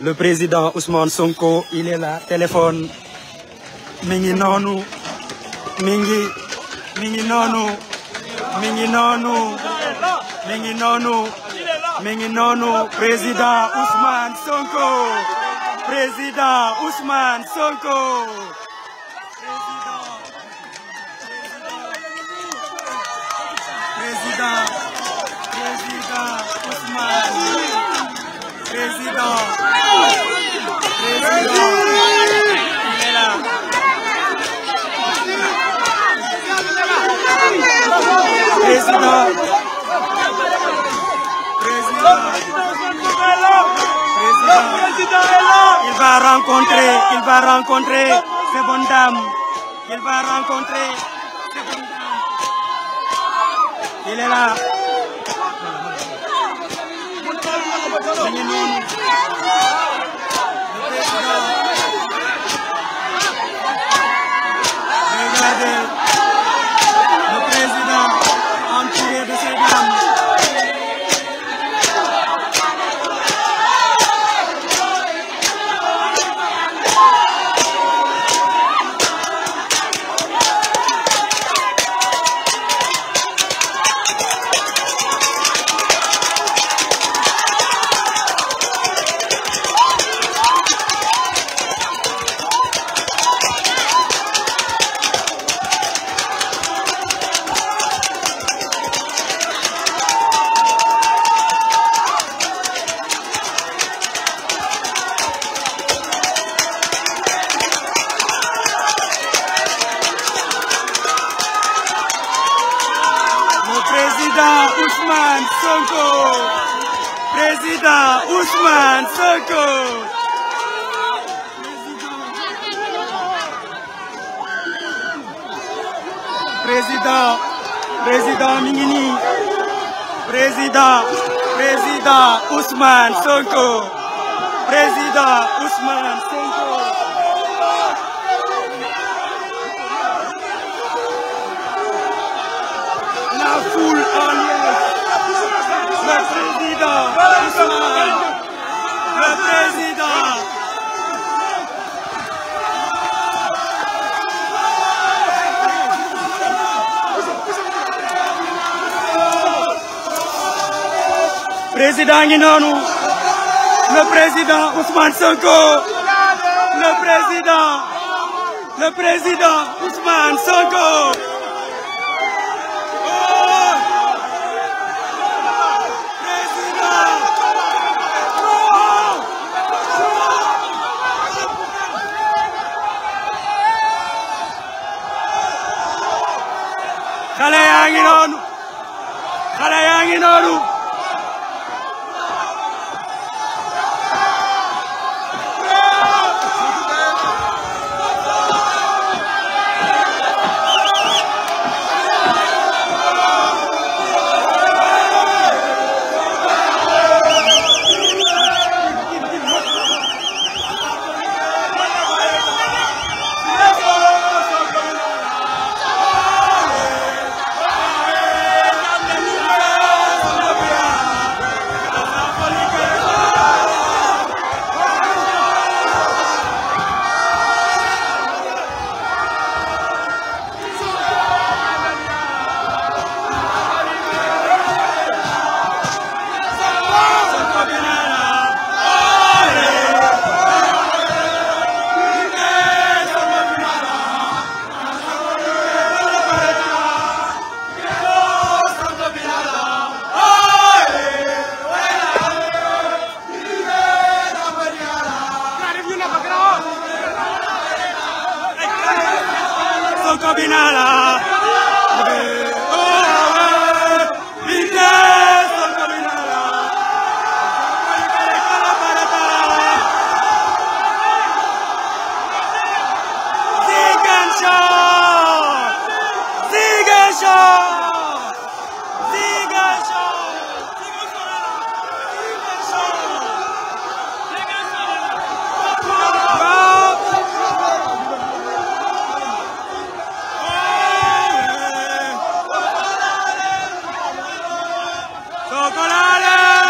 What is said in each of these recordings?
le président Ousmane Sonko il est là téléphone mi ngi noonu mi ngi mi ngi noonu mi ngi noonu président Ousmane Sonko président Ousmane Sonko Président. Président. Il va rencontrer, il va rencontrer ces bonnes dames. Il va rencontrer ces bonnes dames. Il président Ousmane Sonko. président président mi ngi nii président président Ousmane Sonko président Ousmane Sonko. La foule en le président ngi le président Ousmane Sonko le président le président ¡Chocolate!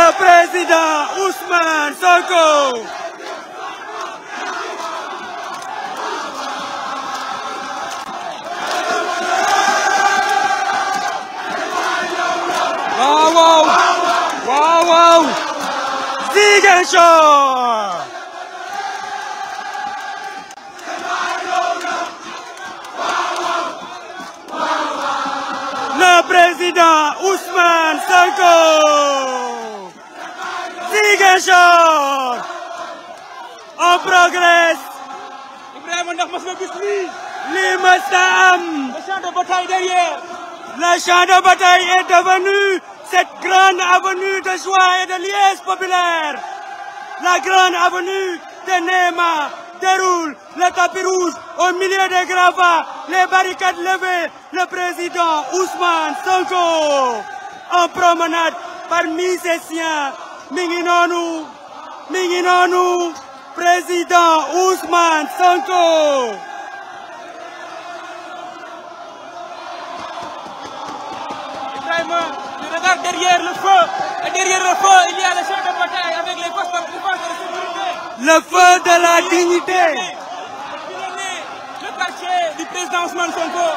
le président Ousmane Sonko. waaw waaw. waaw waaw. Ziguinchor. le président Ousmane Sonko. Ziguinchor on progresse. Ibrahima ndax mos nga gis lii. lii mës na am. le champ de bataille derrière. le champ de bataille est devenu cette grande avenue de joie et de liesse populaire. la grande avenue de Néma déroule le tapis rouge au milieu des gravats les barricades levées le président Ousmane Sonko en promenade parmi ses siens. mi ngi noonu mi président Ousmane Sonko. le feu. derrière le feu, il y a le chef de bataille avec les forces de sécurité. Le feu de la dignité. Le quartier du président Ousmane Sonko.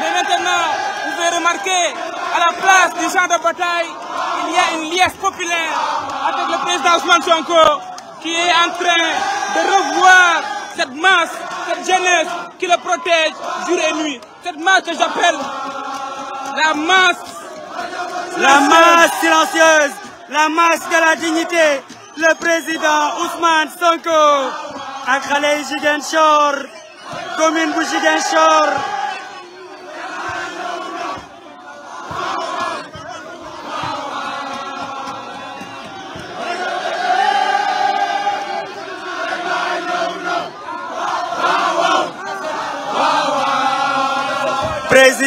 Mais maintenant, vous remarquer, à la place du champ de bataille, il y a une liesse populaire. avec le président Ousmane Sonko qui est en train de revoir cette masse, cette jeunesse qui le protège jour et nuit. Cette masse que j'appelle la masse silencieuse. La masse de la dignité. Le président Ousmane Sonko ak xale yi commune bu Ziguinchor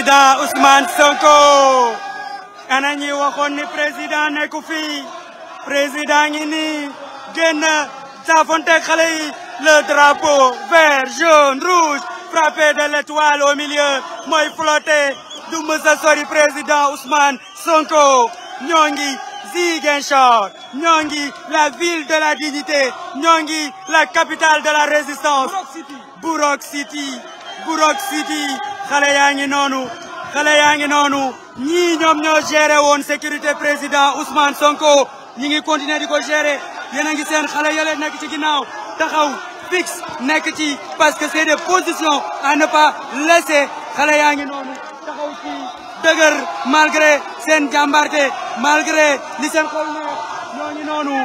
président Ousmane ñi waxoon ni président nekku fi président ngi nii génn saafonte le drapeau vert jaune rouge frappé de l'étoile au milieu mooy flotté du mësa sori président Ousmane Sonko ñoo ngi Ziguinchor ñoo ngi la ville de la dignité ñoo ngi la capitale de la résistance Bourok City Bourok City xale yaa ngi noonu xale yaa ngi noonu ñii ñoom ñoo géré woon sécurité président Ousmane Sonko ñi ngi continuer di ko géré yéen ngi seen xale yële nekk ci ginnaaw taxaw fixe nekk ci parce que c'est des positions a ne pas laisser xale yaa ngi noonu taxaw ci dëgër malgré seen jàmbarte malgré li seen xol ñoo ngi noonu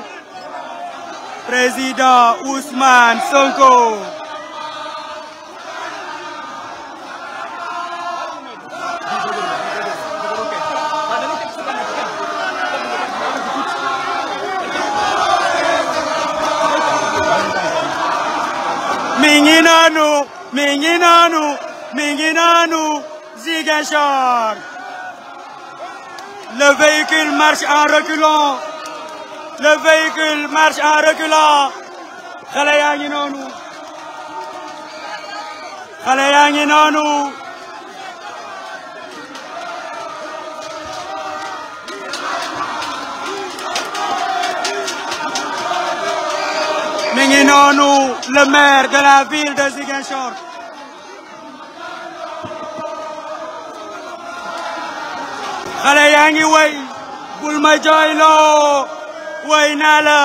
président Ousmane Sonko ngi noonu mi ngi noonu le véhicule marche en reculant le véhicule marche en reculant mi ngi noonu le maire de yaa ngi way bul naa la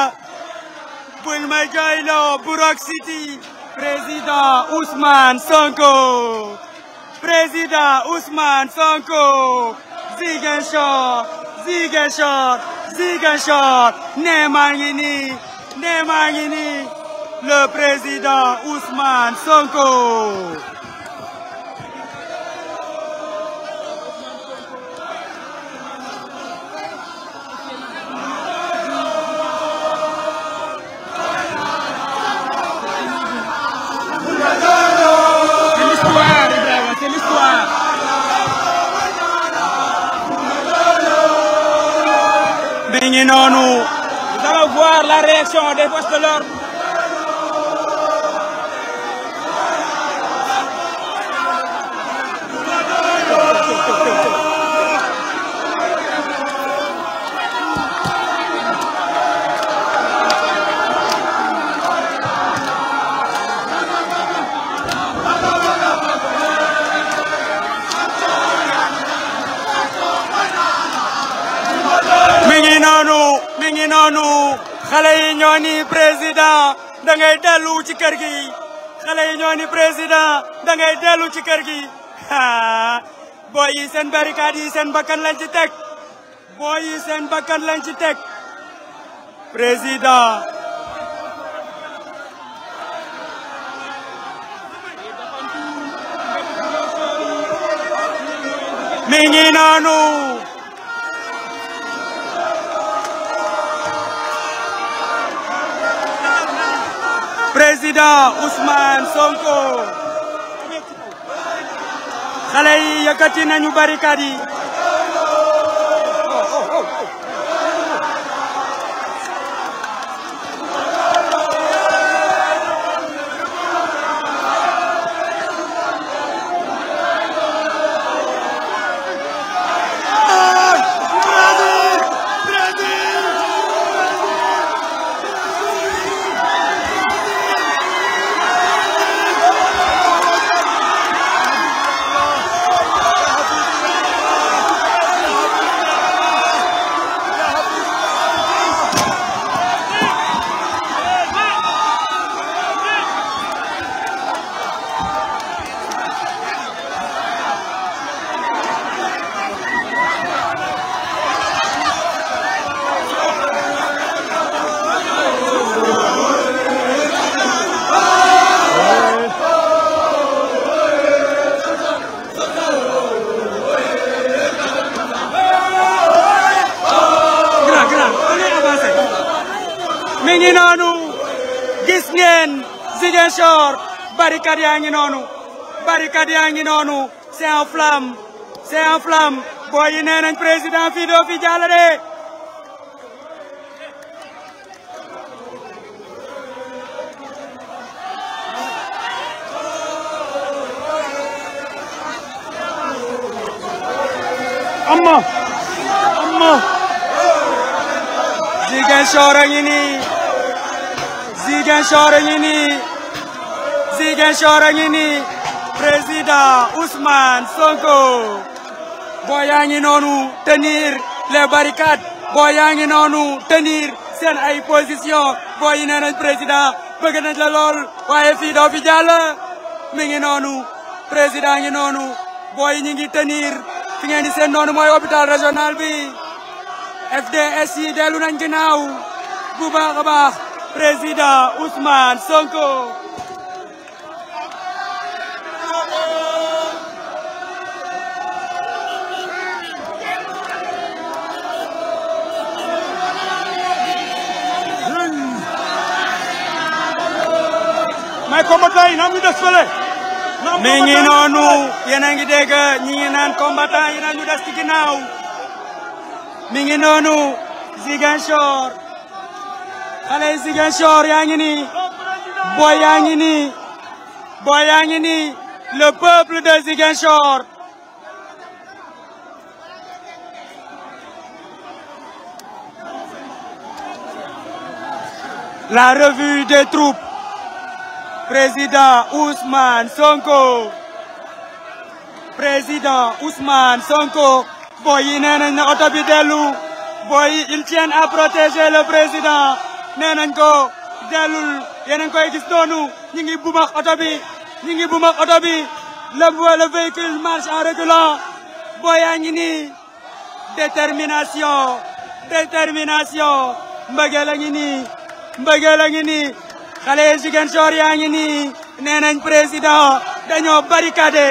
bul ma jooyloo Burok City président Ousmane Sonko président Ousmane Sonko Ziguinchor ne maa ngi nii le président Ousmane Sonko. mi ngi noonu la réaction des forces de l'ordre xale yi ñoo ni président da ngay dellu ci kër gi xale yi ñoo ni président da ngay dellu ci kër gi booy yi seen barricade yi seen bakkan lañ ci teg booy yi seen bakkan lañ ci teg président mi ngi noonu président Ousmane Sonko xale yi yëkkati ñu barricade yi ngi noonu gis ngeen yaa ngi noonu barricade yaa ngi noonu c'est yi nee nañ président fii fi jàll de Ziguinchor a ngi ni Ziguinchor a ngi nii président Ousmane Sonko boo yaa ngi noonu tenir les barricades boo yaa ngi noonu tenir seen ay position boo yi nee nañ président nañ la lool waaye fii doo fi jàll mi ngi noonu président ngi noonu boo yi ñu ngi tenir fi ngeen di seen noonu mooy hôpital régional bi FDS yi dellu nañ ginnaaw bu baax a baax président Ousmane Sonko. mais combattant yi naan ñu des fële. mi ngi noonu yéen a ngi dégg ñi ngi naan combattant yi naan ñu des ci ginnaaw. mi ngi noonu Ziguinchor. xale yi Ziguinchor yaa ngi nii booy yaa ngi nii booy yaa ngi nii le peuple de Ziguinchor la revue des troupes président Ousmane Sonko président Ousmane Sonko booy yi nee nañ na oto bi dellu booy yi ils tiennent à protéger le président nee nañ ko dellul yéen a ngi koy gis noonu ñu ngi bumax oto bi ñu ngi bumax bi le le véhicule marche en reculant boo yaa ngi ni détermination détermination mbëggeel a ngi nii ngi nii xale yi jigéen coor yaa ngi nii nee nañ président dañoo barricadé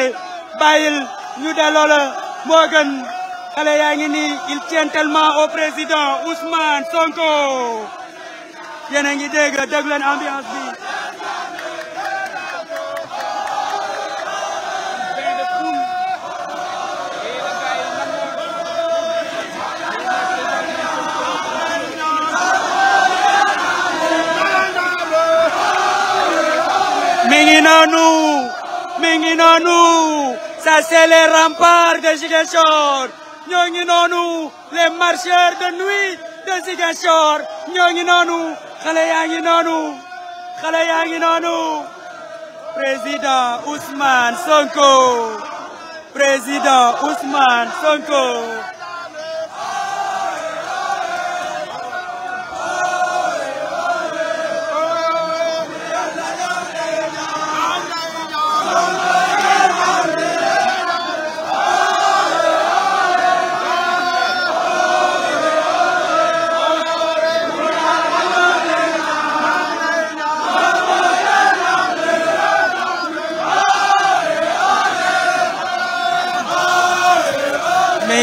bàyyil ñu delloo la xale yaa ngi ni il tient tellement au président Ousmane Sonko yéen a ngi dégg dégg leen ambiance bi. mi ngi noonu mi ngi noonu ça c'est les remparts de Ziguinchor ñoo ngi noonu les marcheurs de nuit de Ziguinchor xale yaa ngi noonu xale yaa ngi noonu président Ousmane Sonko président Ousmane Sonko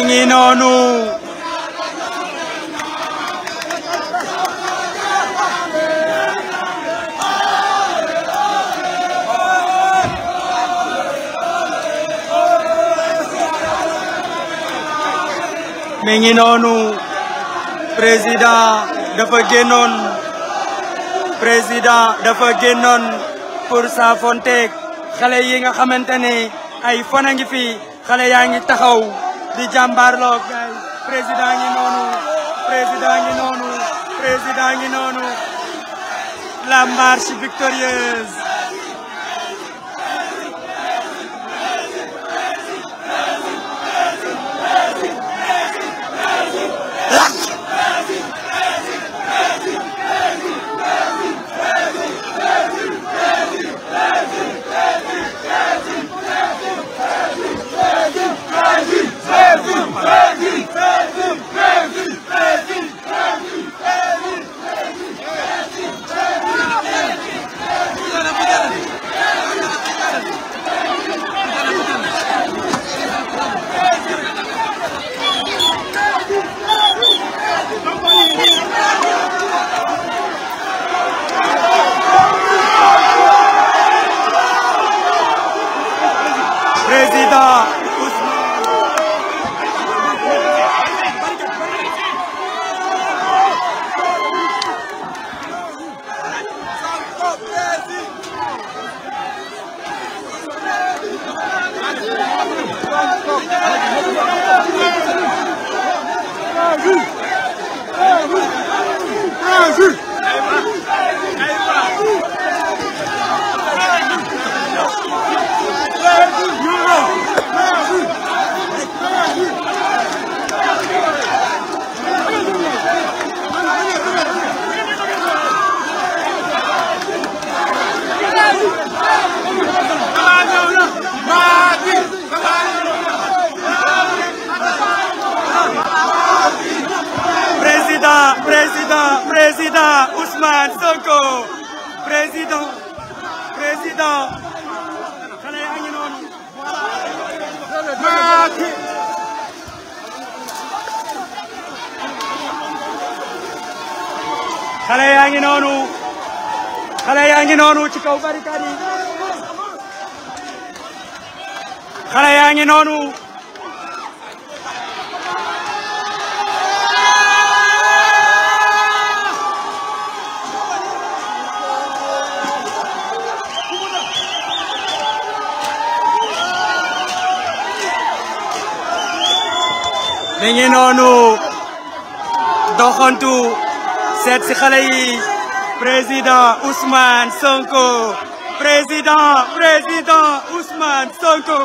ngi noonu mi ngi noonu président dafa génnoon président dafa génnoon pour saafonteeg xale yi nga xamante ne ay fan a ngi fi xale yaa ngi taxaw di jàmbaarloo gaay président ngi noonu président ngi noonu président ngi noonu la marche victorieuse xale yaa ngi noonu xale ci kaw barricade xale yaa ngi noonu mi seet si xale yi président Ousmane Sonko président président Ousmane Sonko.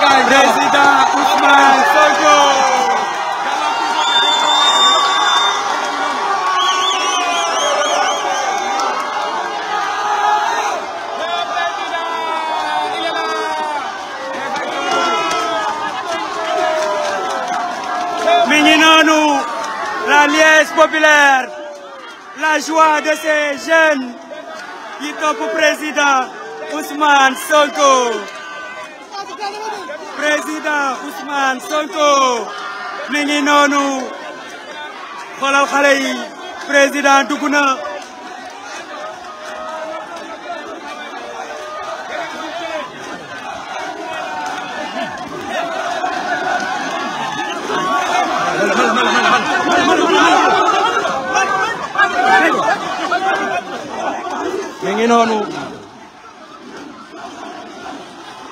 président Ousmane Sonko. la liesse populaire, la joie de ces jeunes qui toppent président Ousmane Sonko. Président Ousmane Sonko mi ngi noonu président dugg na ngi noonu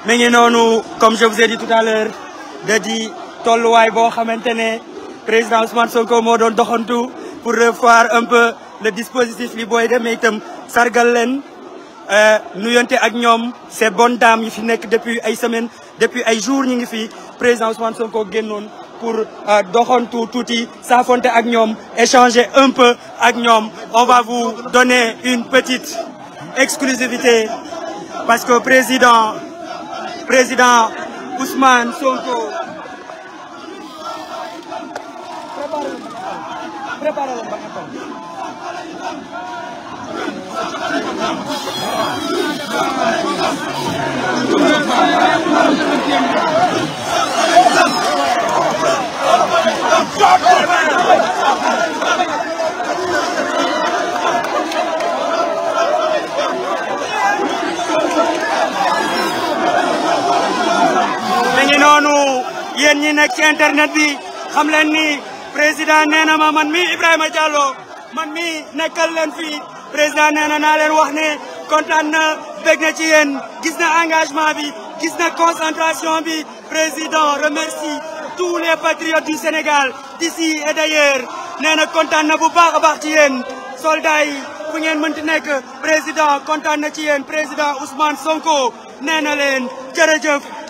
mi ngi noonu comme je vous ai dit tout à l'heure da di tolluwaay boo xamante ne président Ousmane Sonko moo doon doxantu pour revoir un peu le dispositif li booy demee itam sargal leen euh, nuyonte ak ñoom ces bonne dames yi fi nekk depuis ay semaines depuis ay jours ñu ngi fi président Ousmane Sonko pour euh, doxantu tuuti saafonte ak ñoom échanger un peu ak ñoom on va vous donner une petite exclusivité parce que président président Ousmane Sonko yéen ñi nekk ci internet bi xam leen ni président nee na ma man mi Ibrahima Diallo man mi nekkal leen fi président nee naa leen wax ne kontaan na bég na ci yéen gis na engagement bi gis na concentration bi président remercie tous les patriotes du Sénégal d'ici et d'ailleurs nee na kontaan na bu baax a baax ci yéen soldats yi fu ngeen mënti nekk président kontaan na ci yéen président Ousmane Sonko nee na leen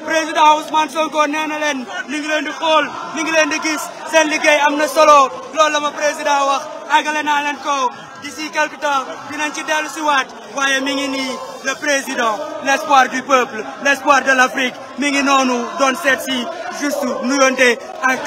président Ousmane Sonko nee na leen ñu ngi leen di xool ñu ngi leen di gis seen liggéey am na solo loolu la ma président wax àggale naa leen ko si quelque temps dinañ ci dellu si waat waaye mi ngi nii le président l'espoir du peuple l'espoir de l'Afrique mi ngi noonu doon seet si juste nuyonte ak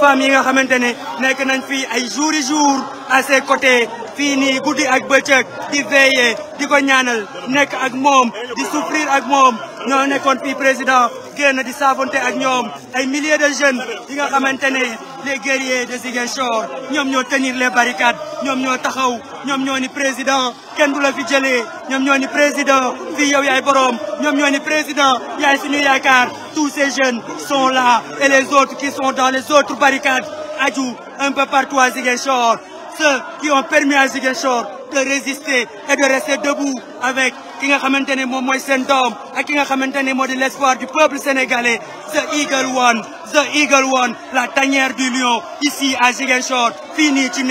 femmes yi nga xamante ne nekk nañ fii ay jours yi jours à ses côtés fii nii guddi ak bëccëg di veiller di ko ñaanal nekk ak moom di souffrir ak moom ñoo nekkoon fii président génn di saafante ak ñoom ay millier de jeunes yi nga xamante ne les guerriers de Ziguinchor ñoom ñoo tenir les barricades ñoom ñoo taxaw ñoom ñoo ni président kenn du la fi jëlee ñoom ñoo ni président fii yow yaay boroom ñoom ñoo ni président yaay suñu yaakaar tous ces jeunes sont là et les autres qui sont dans les autres barricades aju un peu partout à Ziguinchor ceux qui ont permis à Ziguinchor de résister et de rester debout avec ki nga xamante ne moom mooy seen doom ak ki nga xamante ne moo di l'espoir du peuple sénégalais the eagle one the eagle one la tanière du lion ici à Ziguinchor fii nii ci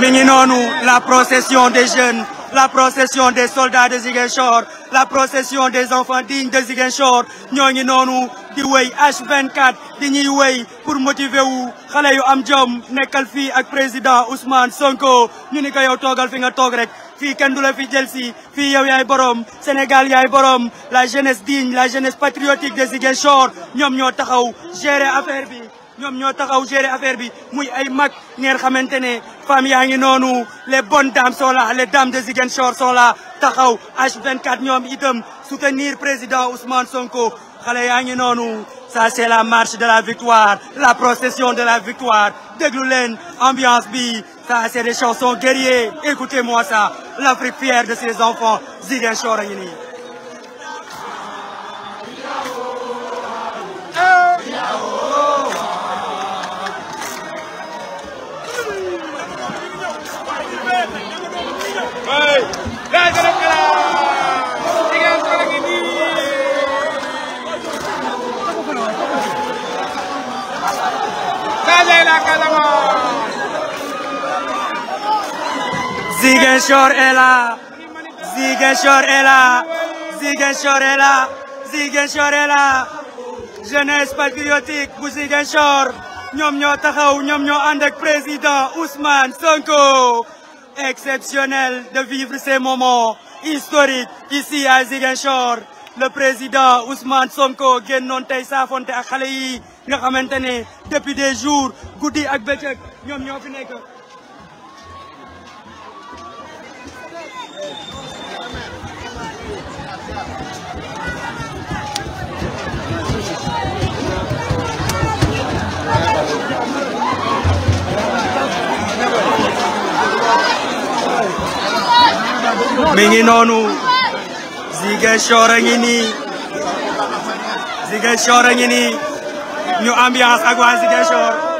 mi ngi noonu la procession des jeunes la procession des soldats de Ziguinchor la procession des enfants dignes de Ziguinchor ñoo ngi noonu di wéy H24 di ñuy wéy pour motiver wu xale yu am jom nekkal fii ak président Ousmane Sonko ñu ni ko yow toogal fi nga toog rek fii kenn du la fi jël si fii yow borom Sénégal yaay borom la jeunesse digne la jeunesse patriotique de Ziguinchor ñoom ñoo taxaw gérer affaire bi ñoom ñoo taxaw gérer affaire bi muy ay mag ngeen xamante ne femmes yaa ngi noonu les bonnes dames sont là les dames de Ziguinchor sont là taxaw H24 ñoom itam soutenir président Ousmane Sonko xale yaa ngi noonu ça c'est la marche de la victoire la procession de la victoire déglu leen ambiance bi ça c'est des chansons guerriers écoutez-moi ça l'Afrique fière de ses enfants Ziguinchor a ngi de la Casamance. Ziguinchor patriotique bu Ziguinchor ñoom ñoo taxaw ñoom ñoo ànd ak président Ousmane Sonko. exceptionnel de vivre ces moments historiques ici à Ziguinchor le président Ousmane Sonko génnoon tey saafonte ak xale yi nga xamante ne depuis jours guddi ak bëccëg ñoom ñoo fi nekk. mi ngi noonu Ziguinchor a ngi nii ñu ambiance ak waa Ziguinchor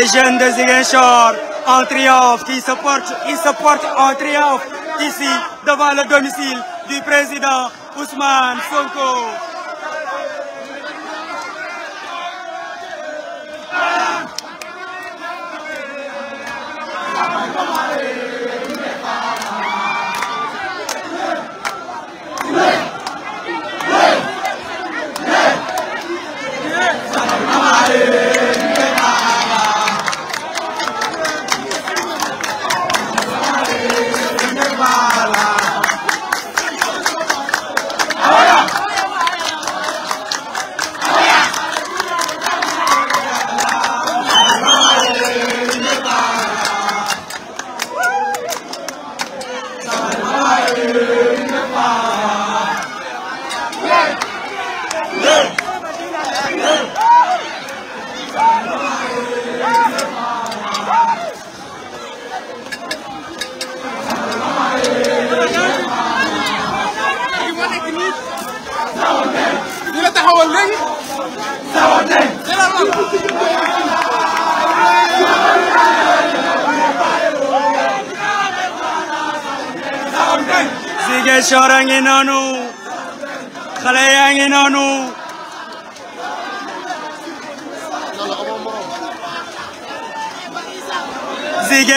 les jeunes des Ziguinchor en triomphe qui se portent, ils se triomphe ici devant le domicile du président Ousmane Sonko.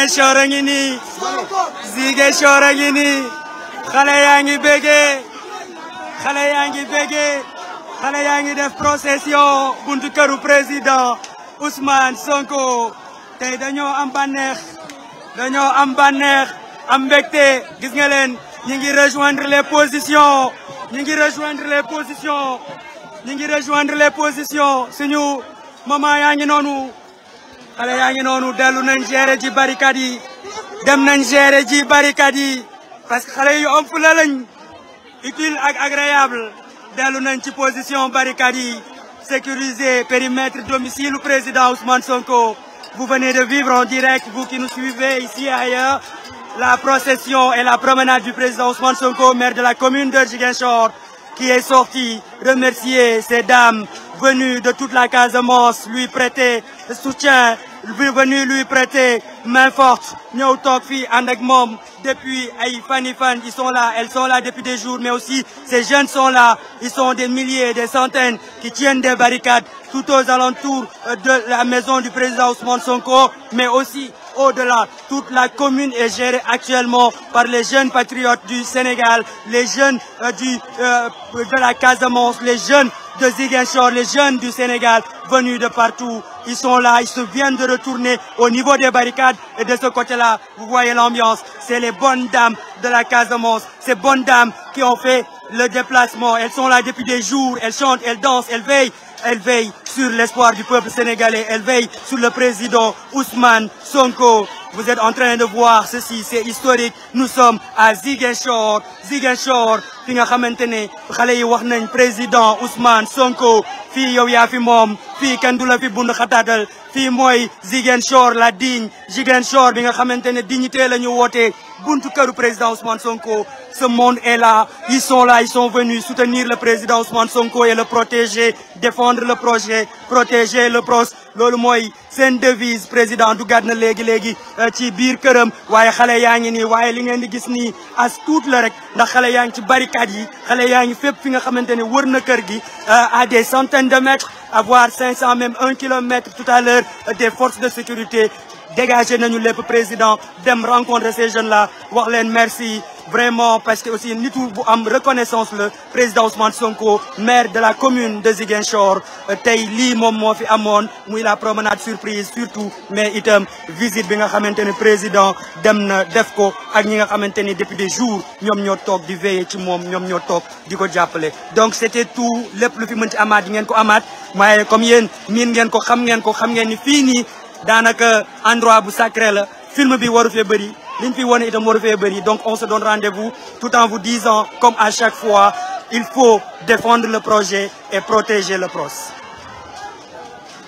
Ziguinchor ngi nii Ziguinchor a ngi nii xale yaa ngi bégee xale yaa ngi bégee xale yaa ngi def procession buntu këru président Ousmane Sonko tey dañoo am bànneex dañoo am bànneex am mbégte gis nga leen ñi ngi rejoindre les positions ñi ngi rejoindre les positions ñi ngi rejoindre les positions suñu maman yaa ngi noonu xale yaa ngi noonu dellu nañ gérer ji barricades yi dem nañ gérer ji barricades yi parce que xale yu am fula lañ utile ak agréable dellu nañ ci position barricades yi sécuriser périmètre domicile du président Ousmane Sonko. Vous venez de vivre en direct, vous qui nous suivez ici et ailleurs, la procession et la promenade du président Ousmane Sonko, maire de la commune de Ziguinchor, qui est sorti remercier ces dames venues de toute la Casamance, lui prêter soutien venu lui prêter main forte ñëw toog fii ànd ak moom depuis ay fani fan ils sont là elles sont là depuis des jours mais aussi ces jeunes sont là ils sont des milliers des centaines qui tiennent des barricades tout aux alentours euh, de la maison du président Ousmane Sonko mais aussi au-delà toute la commune est gérée actuellement par les jeunes patriotes du Sénégal les jeunes euh, du euh, de la Casamance les jeunes de Ziguinchor les jeunes du Sénégal venus de partout. Ils sont là, ils se viennent de retourner au niveau des barricades. Et de ce côté-là, vous voyez l'ambiance. C'est les bonnes dames de la Casamance. Ces bonnes dames qui ont fait le déplacement. Elles sont là depuis des jours. Elles chantent, elles dansent, elles veillent. Elles veillent sur l'espoir du peuple sénégalais. Elles veillent sur le président Ousmane Sonko. Vous êtes en train de voir ceci, c'est historique. Nous sommes à Ziguinchor, Ziguinchor fi nga xamante ne xale yi wax nañ président Ousmane Sonko fii yow yaa fi moom fii kenn du la fi bund xataatal fii mooy Ziguinchor la digne Ziguinchor bi nga xamante ne dignité la ñu woote buntu këru président Ousmane Sonko ce monde est là ils sont là ils sont venus soutenir le président Ousmane Sonko et le protéger défendre le projet protéger le pros loolu mooy seen devise président du gàdd na léegi léegi euh, ci biir këram waaye xale yaa ngi nii waaye li ngeen di gis nii à tuut la rek ndax xale yaa ngi ci barricade yi xale yaa ngi fépp fi nga xamante ne wër na kër gi euh, à des centaines de mètres à voire 500 même kilomètre tout à l'heure euh, des forces de sécurité dégagé nañu lépp président dem rencontrer ces jeunes là wax leen merci vraiment parce que aussi nitu bu am reconnaissance le président Ousmane Sonko maire de la commune de Ziguinchor euh, tey lii moom moo fi amoon muy la promenade surprise surtout mais itam visite bi nga xamante ne président dem na def ko ak ñi nga xamante ni depuis des jours ñoom ñoo toog di veiller ci moom ñoom ñoo toog di ko jàppale donc c'était tout lépp lu fi mën ci amaat yi ngeen ko amaat waaye comme yéen miin ngeen ko xam ngeen ko xam ngeen ni fii nii daanaka endroit bu sacré la film bi waru fee bëri liñ fi wane itam waru fee bëri donc on se donne rendez-vous tout en vous disant comme à chaque fois il faut défendre le projet et protéger le PROS